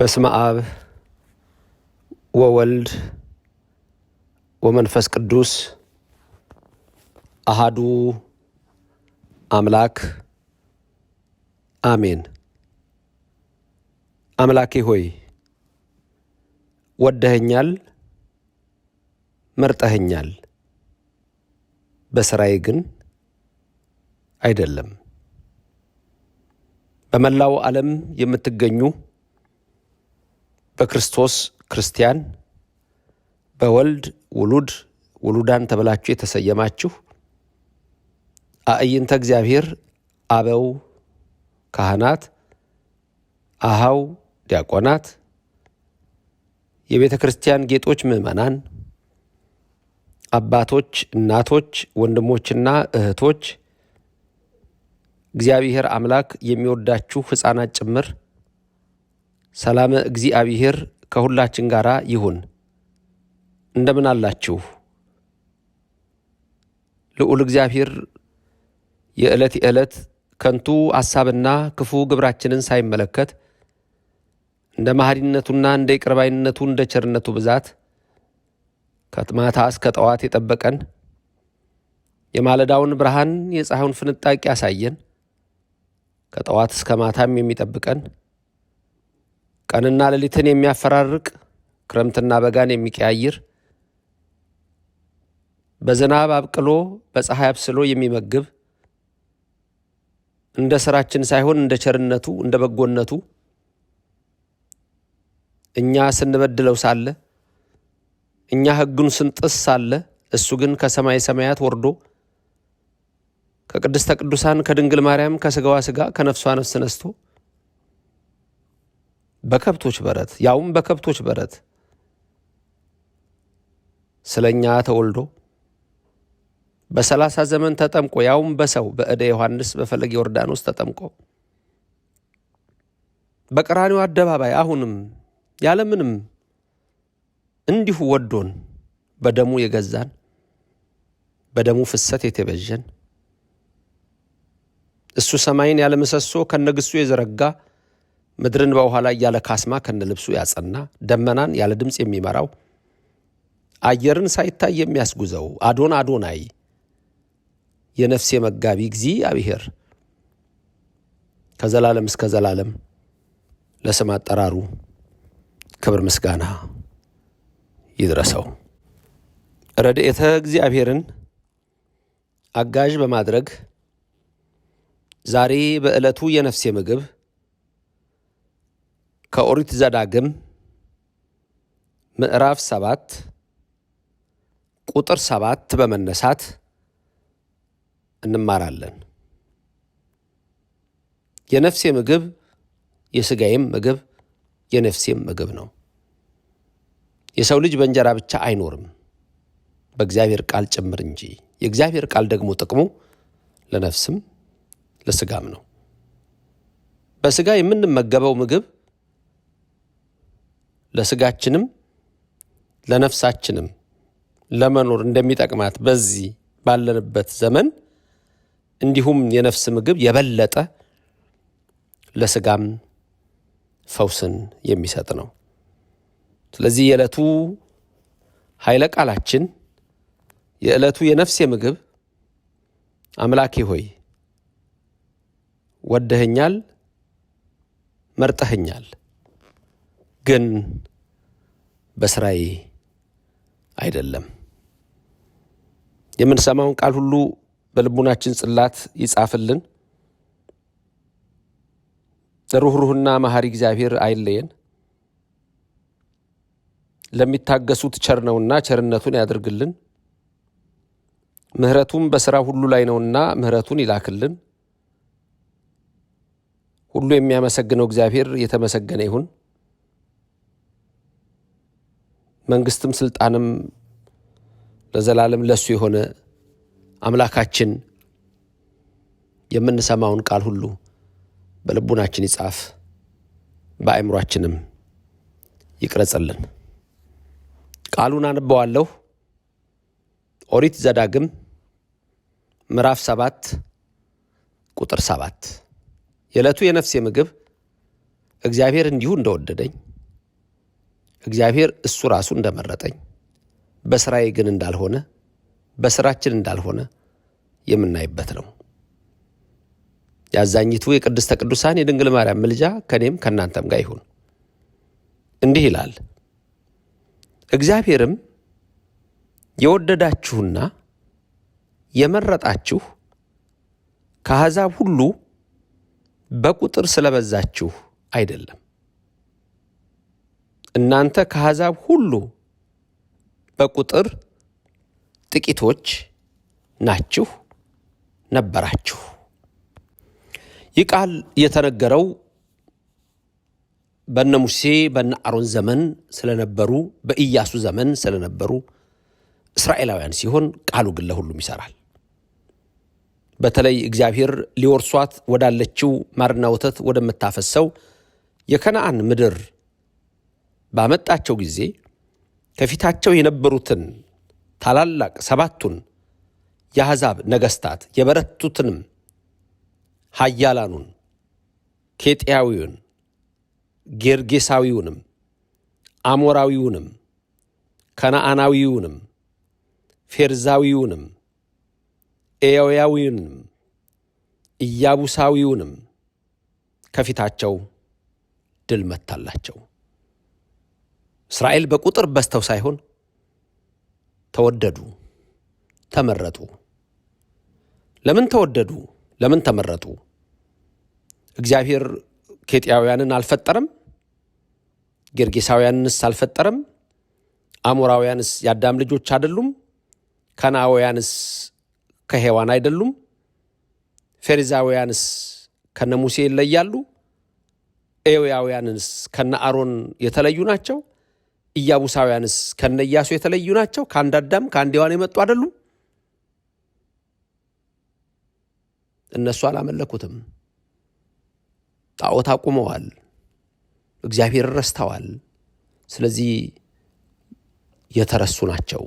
በስመ አብ ወወልድ ወመንፈስ ቅዱስ አሃዱ አምላክ አሜን። አምላኬ ሆይ ወደኸኛል፣ መርጠኸኛል፣ በሥራዬ ግን አይደለም። በመላው ዓለም የምትገኙ በክርስቶስ ክርስቲያን፣ በወልድ ውሉድ ውሉዳን ተብላችሁ የተሰየማችሁ አእይንተ እግዚአብሔር አበው ካህናት፣ አሃው ዲያቆናት፣ የቤተ ክርስቲያን ጌጦች ምዕመናን፣ አባቶች፣ እናቶች፣ ወንድሞችና እህቶች፣ እግዚአብሔር አምላክ የሚወዳችሁ ሕፃናት ጭምር ሰላም እግዚአብሔር ከሁላችን ጋር ይሁን። እንደምን አላችሁ? ልዑል እግዚአብሔር የዕለት የዕለት ከንቱ ሐሳብና ክፉ ግብራችንን ሳይመለከት እንደ መሐሪነቱና እንደ ይቅርባይነቱ እንደ ቸርነቱ ብዛት ከማታ እስከ ጠዋት የጠበቀን የማለዳውን ብርሃን የፀሐዩን ፍንጣቂ ያሳየን ከጠዋት እስከ ማታም የሚጠብቀን ቀንና ሌሊትን የሚያፈራርቅ ክረምትና በጋን የሚቀያይር በዝናብ አብቅሎ በፀሐይ አብስሎ የሚመግብ እንደ ስራችን ሳይሆን እንደ ቸርነቱ እንደ በጎነቱ እኛ ስንበድለው ሳለ እኛ ሕጉን ስንጥስ ሳለ እሱ ግን ከሰማይ ሰማያት ወርዶ ከቅድስተ ቅዱሳን ከድንግል ማርያም ከስጋዋ ስጋ ከነፍሷ ነፍስ ነስቶ በከብቶች በረት ያውም በከብቶች በረት ስለ እኛ ተወልዶ በሰላሳ ዘመን ተጠምቆ ያውም በሰው በእደ ዮሐንስ በፈለገ ዮርዳኖስ ተጠምቆ በቀራኒው አደባባይ አሁንም ያለምንም እንዲሁ ወዶን በደሙ የገዛን በደሙ ፍሰት የተበጀን እሱ ሰማይን ያለምሰሶ ከነግሱ የዘረጋ ምድርን በውኃ ላይ ያለ ካስማ ከነ ልብሱ ያጸና፣ ደመናን ያለ ድምፅ የሚመራው፣ አየርን ሳይታይ የሚያስጉዘው አዶን አዶናይ የነፍሴ መጋቢ እግዚአብሔር ከዘላለም እስከ ዘላለም ለስም አጠራሩ ክብር ምስጋና ይድረሰው። ረድኤተ እግዚአብሔርን አጋዥ በማድረግ ዛሬ በዕለቱ የነፍሴ ምግብ ከኦሪት ዘዳግም ምዕራፍ ሰባት ቁጥር ሰባት በመነሳት እንማራለን። የነፍሴ ምግብ የሥጋዬም ምግብ የነፍሴም ምግብ ነው። የሰው ልጅ በእንጀራ ብቻ አይኖርም በእግዚአብሔር ቃል ጭምር እንጂ። የእግዚአብሔር ቃል ደግሞ ጥቅሙ ለነፍስም ለሥጋም ነው። በሥጋ የምንመገበው ምግብ ለስጋችንም ለነፍሳችንም ለመኖር እንደሚጠቅማት በዚህ ባለንበት ዘመን እንዲሁም የነፍስ ምግብ የበለጠ ለስጋም ፈውስን የሚሰጥ ነው። ስለዚህ የዕለቱ ኃይለ ቃላችን የዕለቱ የነፍሴ ምግብ አምላኬ ሆይ ወደኸኛል፣ መርጠኸኛል ግን በስራዬ አይደለም። የምንሰማውን ቃል ሁሉ በልቡናችን ጽላት ይጻፍልን። ሩኅሩህና መሐሪ እግዚአብሔር አይለየን። ለሚታገሱት ቸር ነውና ቸርነቱን ያድርግልን። ምሕረቱም በሥራ ሁሉ ላይ ነውና ምሕረቱን ይላክልን። ሁሉ የሚያመሰግነው እግዚአብሔር የተመሰገነ ይሁን። መንግስትም ስልጣንም ለዘላለም ለሱ የሆነ አምላካችን የምንሰማውን ቃል ሁሉ በልቡናችን ይጻፍ፣ በአእምሯችንም ይቅረጽልን። ቃሉን አንበዋለሁ። ኦሪት ዘዳግም ምዕራፍ ሰባት ቁጥር ሰባት የዕለቱ የነፍሴ ምግብ እግዚአብሔር እንዲሁ እንደወደደኝ እግዚአብሔር እሱ ራሱ እንደመረጠኝ በስራዬ ግን እንዳልሆነ በስራችን እንዳልሆነ የምናይበት ነው። ያዛኝቱ የቅድስተ ቅዱሳን የድንግል ማርያም ምልጃ ከእኔም ከእናንተም ጋር ይሁን። እንዲህ ይላል፣ እግዚአብሔርም የወደዳችሁና የመረጣችሁ ከአሕዛብ ሁሉ በቁጥር ስለበዛችሁ አይደለም እናንተ ከአሕዛብ ሁሉ በቁጥር ጥቂቶች ናችሁ ነበራችሁ። ይህ ቃል የተነገረው በነ ሙሴ በነ አሮን ዘመን ስለነበሩ በኢያሱ ዘመን ስለነበሩ እስራኤላውያን ሲሆን ቃሉ ግን ለሁሉም ይሰራል። በተለይ እግዚአብሔር ሊወርሷት ወዳለችው ማርና ወተት ወደምታፈሰው የከነአን ምድር ባመጣቸው ጊዜ ከፊታቸው የነበሩትን ታላላቅ ሰባቱን የአሕዛብ ነገሥታት የበረቱትንም ኃያላኑን ኬጥያዊውን፣ ጌርጌሳዊውንም፣ አሞራዊውንም፣ ከነአናዊውንም፣ ፌርዛዊውንም፣ ኤዊያዊውንም፣ ኢያቡሳዊውንም ከፊታቸው ድል መታላቸው። እስራኤል በቁጥር በዝተው ሳይሆን ተወደዱ፣ ተመረጡ። ለምን ተወደዱ? ለምን ተመረጡ? እግዚአብሔር ኬጥያውያንን አልፈጠረም? ጌርጌሳውያንንስ አልፈጠረም? አሞራውያንስ የአዳም ልጆች አይደሉም? ከናውያንስ ከሔዋን አይደሉም? ፌሪዛውያንስ ከነ ሙሴ ይለያሉ? ኤውያውያንስ ከነ አሮን የተለዩ ናቸው? ኢያቡሳውያንስ ከነ ኢያሱ የተለዩ ናቸው? ከአንድ አዳም ከአንድ ሔዋን የመጡ አይደሉም? እነሱ አላመለኩትም። ጣዖት አቁመዋል። እግዚአብሔር ረስተዋል። ስለዚህ የተረሱ ናቸው።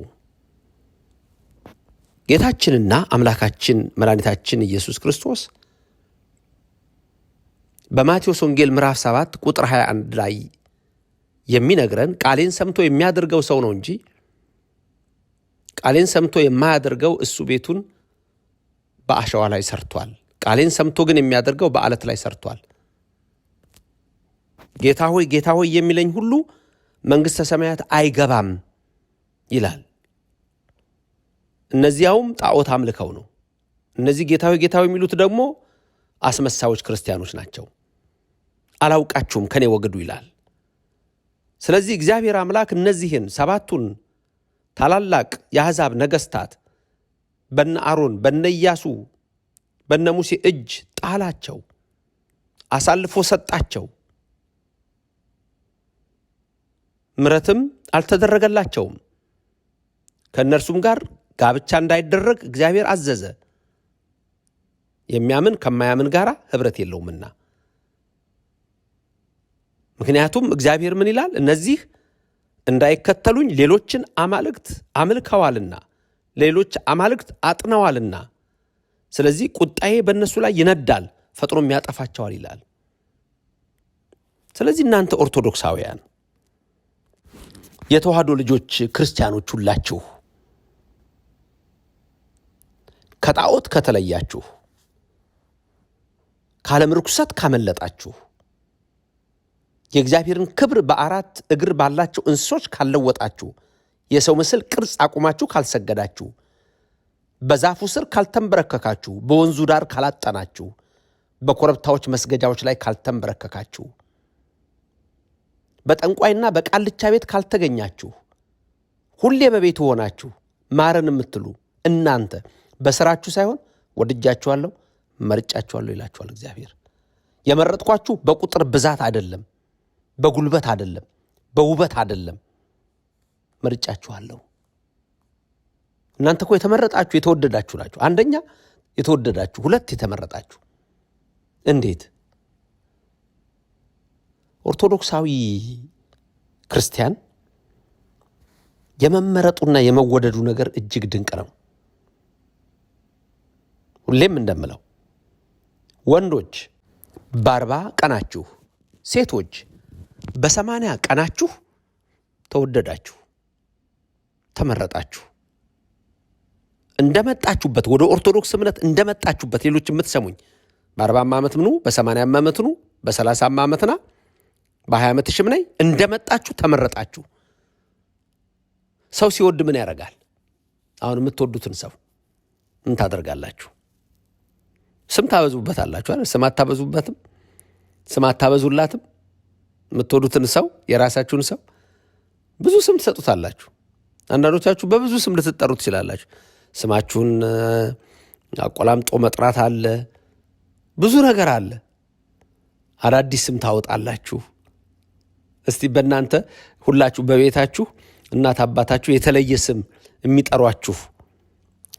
ጌታችንና አምላካችን መድኃኒታችን ኢየሱስ ክርስቶስ በማቴዎስ ወንጌል ምዕራፍ 7 ቁጥር 21 ላይ የሚነግረን ቃሌን ሰምቶ የሚያደርገው ሰው ነው እንጂ ቃሌን ሰምቶ የማያደርገው እሱ ቤቱን በአሸዋ ላይ ሰርቷል። ቃሌን ሰምቶ ግን የሚያደርገው በአለት ላይ ሰርቷል። ጌታ ሆይ ጌታ ሆይ የሚለኝ ሁሉ መንግሥተ ሰማያት አይገባም ይላል። እነዚያውም ጣዖት አምልከው ነው። እነዚህ ጌታ ሆይ ጌታ ሆይ የሚሉት ደግሞ አስመሳዮች ክርስቲያኖች ናቸው። አላውቃችሁም ከኔ ወግዱ ይላል። ስለዚህ እግዚአብሔር አምላክ እነዚህን ሰባቱን ታላላቅ የአሕዛብ ነገሥታት በነ አሮን በነ ኢያሱ በነ ሙሴ እጅ ጣላቸው፣ አሳልፎ ሰጣቸው። ምረትም አልተደረገላቸውም። ከእነርሱም ጋር ጋብቻ እንዳይደረግ እግዚአብሔር አዘዘ። የሚያምን ከማያምን ጋር ኅብረት የለውምና ምክንያቱም እግዚአብሔር ምን ይላል? እነዚህ እንዳይከተሉኝ ሌሎችን አማልክት አምልከዋልና ሌሎች አማልክት አጥነዋልና፣ ስለዚህ ቁጣዬ በእነሱ ላይ ይነዳል፣ ፈጥኖም ያጠፋቸዋል ይላል። ስለዚህ እናንተ ኦርቶዶክሳውያን የተዋህዶ ልጆች ክርስቲያኖች ሁላችሁ ከጣዖት ከተለያችሁ፣ ከዓለም ርኩሰት ካመለጣችሁ የእግዚአብሔርን ክብር በአራት እግር ባላቸው እንስሶች ካልለወጣችሁ፣ የሰው ምስል ቅርጽ አቁማችሁ ካልሰገዳችሁ፣ በዛፉ ስር ካልተንበረከካችሁ፣ በወንዙ ዳር ካላጠናችሁ፣ በኮረብታዎች መስገጃዎች ላይ ካልተንበረከካችሁ፣ በጠንቋይና በቃልቻ ቤት ካልተገኛችሁ፣ ሁሌ በቤቱ ሆናችሁ ማረን የምትሉ እናንተ በስራችሁ ሳይሆን ወድጃችኋለሁ፣ መርጫችኋለሁ ይላችኋል እግዚአብሔር። የመረጥኳችሁ በቁጥር ብዛት አይደለም። በጉልበት አይደለም፣ በውበት አይደለም። መርጫችኋለሁ። እናንተ እኮ የተመረጣችሁ የተወደዳችሁ ናችሁ። አንደኛ የተወደዳችሁ፣ ሁለት የተመረጣችሁ። እንዴት ኦርቶዶክሳዊ ክርስቲያን የመመረጡና የመወደዱ ነገር እጅግ ድንቅ ነው። ሁሌም እንደምለው ወንዶች በአርባ ቀናችሁ ሴቶች በሰማንያ ቀናችሁ ተወደዳችሁ፣ ተመረጣችሁ። እንደመጣችሁበት ወደ ኦርቶዶክስ እምነት እንደመጣችሁበት ሌሎች የምትሰሙኝ በአርባም ዓመት ምኑ በሰማንያም ዓመት ኑ በሰላሳም ዓመትና በሀያ ዓመት ሽም ነይ እንደመጣችሁ ተመረጣችሁ። ሰው ሲወድ ምን ያደርጋል? አሁን የምትወዱትን ሰው ምን ታደርጋላችሁ? ስም ታበዙበት አላችሁ። ስም አታበዙበትም፣ ስም አታበዙላትም። የምትወዱትን ሰው የራሳችሁን ሰው ብዙ ስም ትሰጡታላችሁ። አንዳንዶቻችሁ በብዙ ስም ልትጠሩ ትችላላችሁ። ስማችሁን አቆላምጦ መጥራት አለ፣ ብዙ ነገር አለ። አዳዲስ ስም ታወጣላችሁ። እስቲ በእናንተ ሁላችሁ በቤታችሁ እናት አባታችሁ የተለየ ስም የሚጠሯችሁ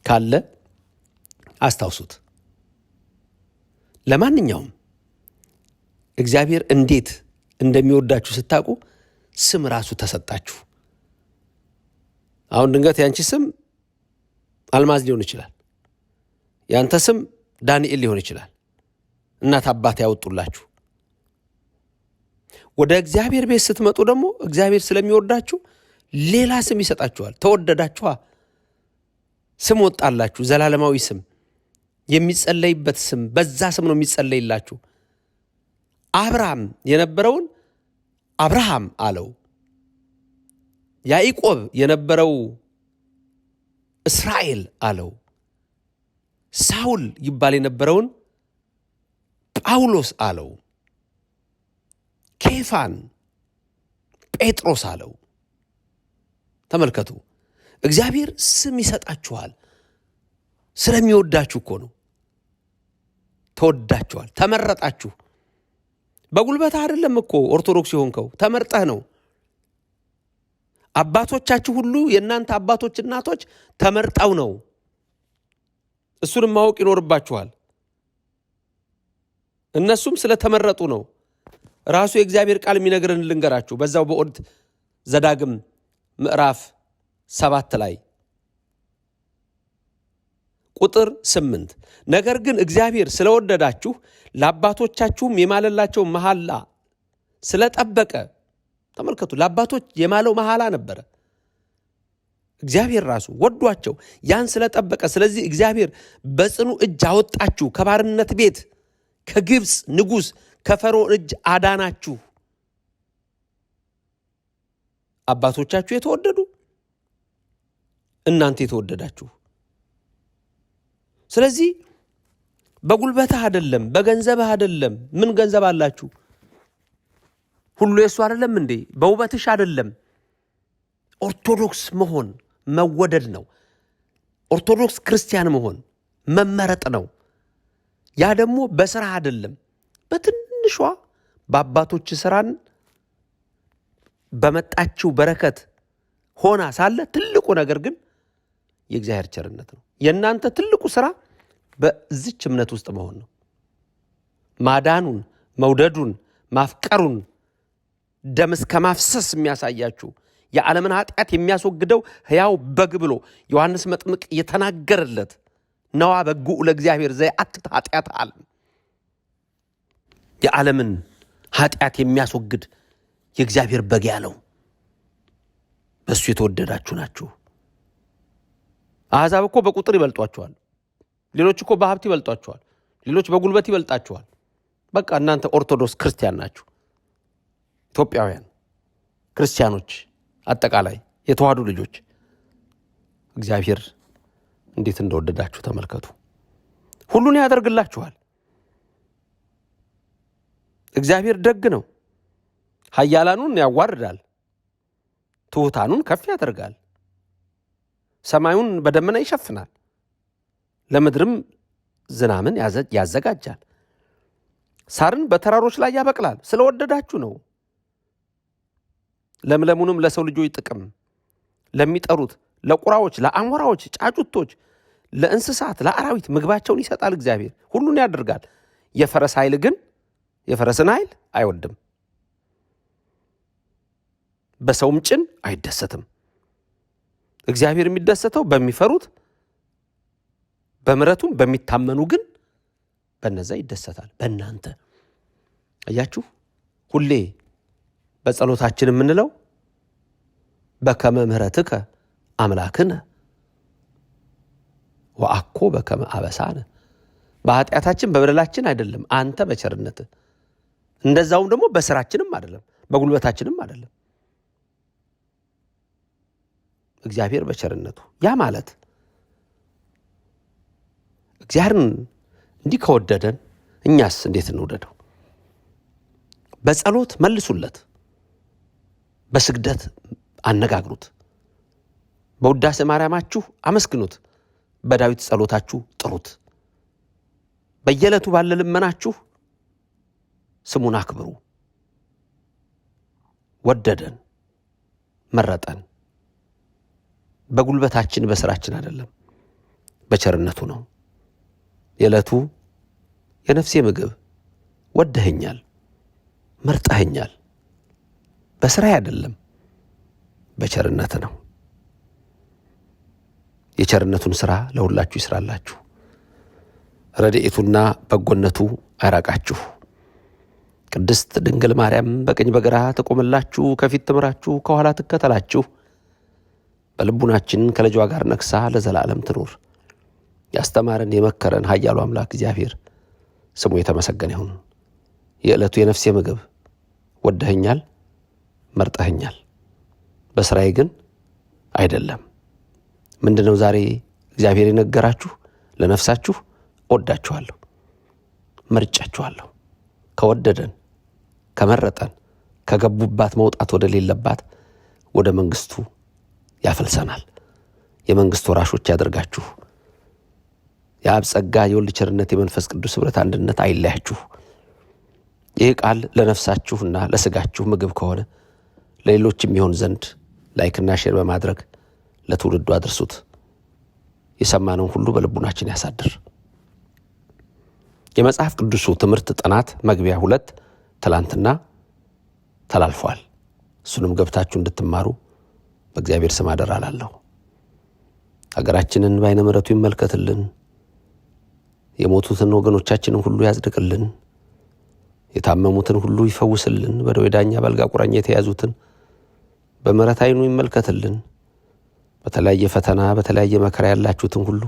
ካለ አስታውሱት። ለማንኛውም እግዚአብሔር እንዴት እንደሚወዳችሁ ስታውቁ ስም ራሱ ተሰጣችሁ። አሁን ድንገት ያንቺ ስም አልማዝ ሊሆን ይችላል። ያንተ ስም ዳንኤል ሊሆን ይችላል። እናት አባት ያወጡላችሁ። ወደ እግዚአብሔር ቤት ስትመጡ ደግሞ እግዚአብሔር ስለሚወዳችሁ ሌላ ስም ይሰጣችኋል። ተወደዳችኋ። ስም ወጣላችሁ። ዘላለማዊ ስም የሚጸለይበት ስም፣ በዛ ስም ነው የሚጸለይላችሁ። አብርሃም የነበረውን አብርሃም አለው። ያዕቆብ የነበረው እስራኤል አለው። ሳውል ይባል የነበረውን ጳውሎስ አለው። ኬፋን ጴጥሮስ አለው። ተመልከቱ፣ እግዚአብሔር ስም ይሰጣችኋል። ስለሚወዳችሁ እኮ ነው። ተወዳችኋል፣ ተመረጣችሁ። በጉልበት አይደለም እኮ ኦርቶዶክስ የሆንከው ተመርጠህ ነው። አባቶቻችሁ ሁሉ የእናንተ አባቶች እናቶች ተመርጠው ነው። እሱንም ማወቅ ይኖርባችኋል። እነሱም ስለተመረጡ ነው። ራሱ የእግዚአብሔር ቃል የሚነግርን ልንገራችሁ በዛው በኦድ ዘዳግም ምዕራፍ ሰባት ላይ ቁጥር ስምንት ነገር ግን እግዚአብሔር ስለወደዳችሁ ለአባቶቻችሁም የማለላቸው መሐላ ስለጠበቀ፣ ተመልከቱ፣ ለአባቶች የማለው መሐላ ነበረ። እግዚአብሔር ራሱ ወዷቸው ያን ስለጠበቀ፣ ስለዚህ እግዚአብሔር በጽኑ እጅ አወጣችሁ፣ ከባርነት ቤት ከግብፅ ንጉሥ ከፈርዖን እጅ አዳናችሁ። አባቶቻችሁ የተወደዱ እናንተ የተወደዳችሁ ስለዚህ በጉልበትህ አይደለም፣ በገንዘብህ አይደለም። ምን ገንዘብ አላችሁ? ሁሉ የእሱ አይደለም እንዴ? በውበትሽ አይደለም። ኦርቶዶክስ መሆን መወደድ ነው። ኦርቶዶክስ ክርስቲያን መሆን መመረጥ ነው። ያ ደግሞ በስራ አይደለም። በትንሿ በአባቶች ስራን በመጣችው በረከት ሆና ሳለ ትልቁ ነገር ግን የእግዚአብሔር ቸርነት ነው። የእናንተ ትልቁ ስራ በዚች እምነት ውስጥ መሆን ነው። ማዳኑን፣ መውደዱን፣ ማፍቀሩን ደም እስከ ማፍሰስ የሚያሳያችሁ የዓለምን ኃጢአት የሚያስወግደው ሕያው በግ ብሎ ዮሐንስ መጥምቅ የተናገረለት ነዋ በጉዑ ለእግዚአብሔር ዘያአትት ኃጢአት ዓለም የዓለምን ኃጢአት የሚያስወግድ የእግዚአብሔር በግ ያለው በእሱ የተወደዳችሁ ናችሁ። አሕዛብ እኮ በቁጥር ይበልጧቸዋል። ሌሎች እኮ በሀብት ይበልጧቸዋል። ሌሎች በጉልበት ይበልጣቸዋል። በቃ እናንተ ኦርቶዶክስ ክርስቲያን ናችሁ። ኢትዮጵያውያን ክርስቲያኖች፣ አጠቃላይ የተዋህዱ ልጆች እግዚአብሔር እንዴት እንደወደዳችሁ ተመልከቱ። ሁሉን ያደርግላችኋል። እግዚአብሔር ደግ ነው። ኃያላኑን ያዋርዳል፣ ትሑታኑን ከፍ ያደርጋል። ሰማዩን በደመና ይሸፍናል፣ ለምድርም ዝናምን ያዘጋጃል፣ ሳርን በተራሮች ላይ ያበቅላል። ስለወደዳችሁ ነው። ለምለሙንም ለሰው ልጆች ጥቅም ለሚጠሩት ለቁራዎች፣ ለአሞራዎች፣ ጫጩቶች፣ ለእንስሳት፣ ለአራዊት ምግባቸውን ይሰጣል። እግዚአብሔር ሁሉን ያደርጋል። የፈረስ ኃይል ግን የፈረስን ኃይል አይወድም፣ በሰውም ጭን አይደሰትም። እግዚአብሔር የሚደሰተው በሚፈሩት በምረቱም በሚታመኑ ግን በነዛ ይደሰታል። በእናንተ እያችሁ ሁሌ በጸሎታችን የምንለው በከመ ምሕረትከ አምላክነ ወአኮ በከመ አበሳነ፣ በኃጢአታችን በበደላችን አይደለም አንተ በቸርነት እንደዛውም ደግሞ በስራችንም አይደለም በጉልበታችንም አይደለም እግዚአብሔር በቸርነቱ ያ ማለት እግዚአብሔርን እንዲህ ከወደደን እኛስ እንዴት እንውደደው? በጸሎት መልሱለት፣ በስግደት አነጋግሩት፣ በውዳሴ ማርያማችሁ አመስግኑት፣ በዳዊት ጸሎታችሁ ጥሩት፣ በየዕለቱ ባለ ልመናችሁ ስሙን አክብሩ። ወደደን፣ መረጠን። በጉልበታችን በስራችን አይደለም፣ በቸርነቱ ነው። የዕለቱ የነፍሴ ምግብ ወደኸኛል፣ መርጠኸኛል። በስራ አይደለም፣ በቸርነት ነው። የቸርነቱን ስራ ለሁላችሁ ይስራላችሁ። ረድኤቱና በጎነቱ አይራቃችሁ። ቅድስት ድንግል ማርያም በቀኝ በግራ ትቆምላችሁ፣ ከፊት ትምራችሁ፣ ከኋላ ትከተላችሁ። በልቡናችን ከልጇ ጋር ነግሳ ለዘላለም ትኑር። ያስተማረን የመከረን ኃያሉ አምላክ እግዚአብሔር ስሙ የተመሰገነ ይሁን። የዕለቱ የነፍሴ ምግብ ወደኸኛል፣ መርጠኸኛል፣ በስራዬ ግን አይደለም። ምንድን ነው ዛሬ እግዚአብሔር የነገራችሁ? ለነፍሳችሁ ወዳችኋለሁ፣ መርጫችኋለሁ። ከወደደን ከመረጠን ከገቡባት መውጣት ወደሌለባት ወደ መንግስቱ ያፈልሰናል። የመንግሥት ወራሾች ያደርጋችሁ። የአብ ጸጋ፣ የወልድ ቸርነት፣ የመንፈስ ቅዱስ ኅብረት አንድነት አይለያችሁ። ይህ ቃል ለነፍሳችሁና ለሥጋችሁ ምግብ ከሆነ ለሌሎች የሚሆን ዘንድ ላይክና ሼር በማድረግ ለትውልዱ አድርሱት። የሰማነውን ሁሉ በልቡናችን ያሳድር። የመጽሐፍ ቅዱሱ ትምህርት ጥናት መግቢያ ሁለት ትላንትና ተላልፏል። እሱንም ገብታችሁ እንድትማሩ በእግዚአብሔር ስም አደራ እላለሁ። ሀገራችንን በአይነ ምረቱ ይመልከትልን። የሞቱትን ወገኖቻችንን ሁሉ ያጽድቅልን። የታመሙትን ሁሉ ይፈውስልን። በደዌ ዳኛ በአልጋ ቁራኛ የተያዙትን በምረት አይኑ ይመልከትልን። በተለያየ ፈተና በተለያየ መከራ ያላችሁትን ሁሉ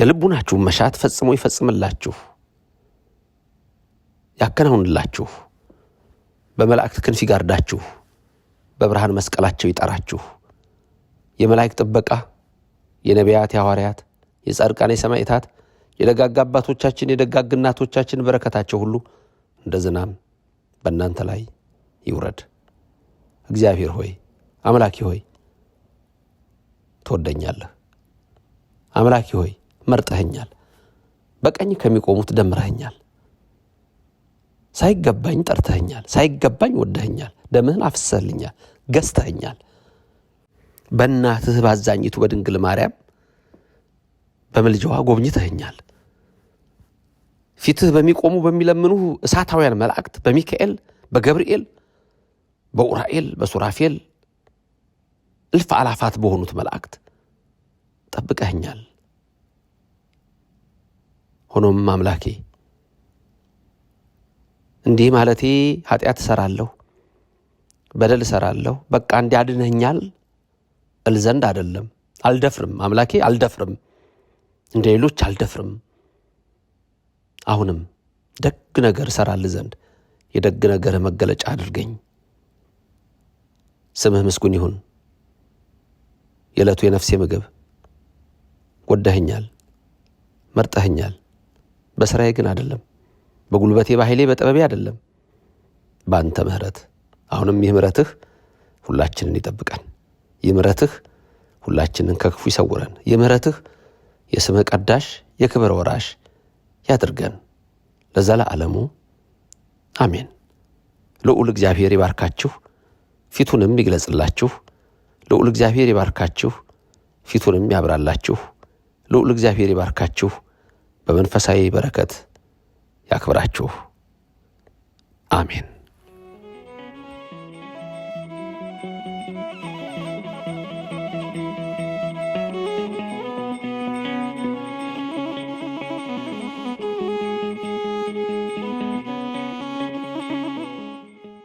የልቡናችሁን መሻት ፈጽሞ ይፈጽምላችሁ፣ ያከናውንላችሁ፣ በመላእክት ክንፍ ይጋርዳችሁ። በብርሃን መስቀላቸው ይጠራችሁ። የመላእክት ጥበቃ፣ የነቢያት፣ የሐዋርያት፣ የጻድቃን፣ የሰማዕታት፣ የደጋግ አባቶቻችን፣ የደጋግ እናቶቻችን በረከታቸው ሁሉ እንደ ዝናም በእናንተ ላይ ይውረድ። እግዚአብሔር ሆይ አምላኪ ሆይ ትወደኛለህ። አምላኪ ሆይ መርጠኸኛል። በቀኝ ከሚቆሙት ደምረኸኛል። ሳይገባኝ ጠርተኸኛል። ሳይገባኝ ወደኸኛል። ደምህን አፍሰልኛል፣ ገዝተኸኛል። በእናትህ ባዛኝቱ በድንግል ማርያም በምልጃዋ ጎብኝተኸኛል። ፊትህ በሚቆሙ በሚለምኑ እሳታውያን መላእክት በሚካኤል፣ በገብርኤል፣ በኡራኤል፣ በሱራፌል እልፍ አላፋት በሆኑት መላእክት ጠብቀኸኛል። ሆኖም አምላኬ እንዲህ ማለቴ ኃጢአት እሰራለሁ በደል እሰራለሁ፣ በቃ እንዲያድንህኛል እል ዘንድ አይደለም። አልደፍርም፣ አምላኬ አልደፍርም፣ እንደ ሌሎች አልደፍርም። አሁንም ደግ ነገር እሰራልህ ዘንድ የደግ ነገር መገለጫ አድርገኝ። ስምህ ምስጉን ይሁን። የዕለቱ የነፍሴ ምግብ ወደኸኛል፣ መርጠኸኛል። በሥራዬ ግን አይደለም፣ በጉልበቴ በኃይሌ በጥበቤ አይደለም፣ በአንተ ምሕረት አሁንም ይህ ምረትህ ሁላችንን ይጠብቀን። ይህ ምረትህ ሁላችንን ከክፉ ይሰውረን። ይህ ምረትህ የስመ ቀዳሽ የክብር ወራሽ ያድርገን ለዘላለሙ አሜን። ልዑል እግዚአብሔር ይባርካችሁ፣ ፊቱንም ይግለጽላችሁ። ልዑል እግዚአብሔር ይባርካችሁ፣ ፊቱንም ያብራላችሁ። ልዑል እግዚአብሔር ይባርካችሁ፣ በመንፈሳዊ በረከት ያክብራችሁ። አሜን።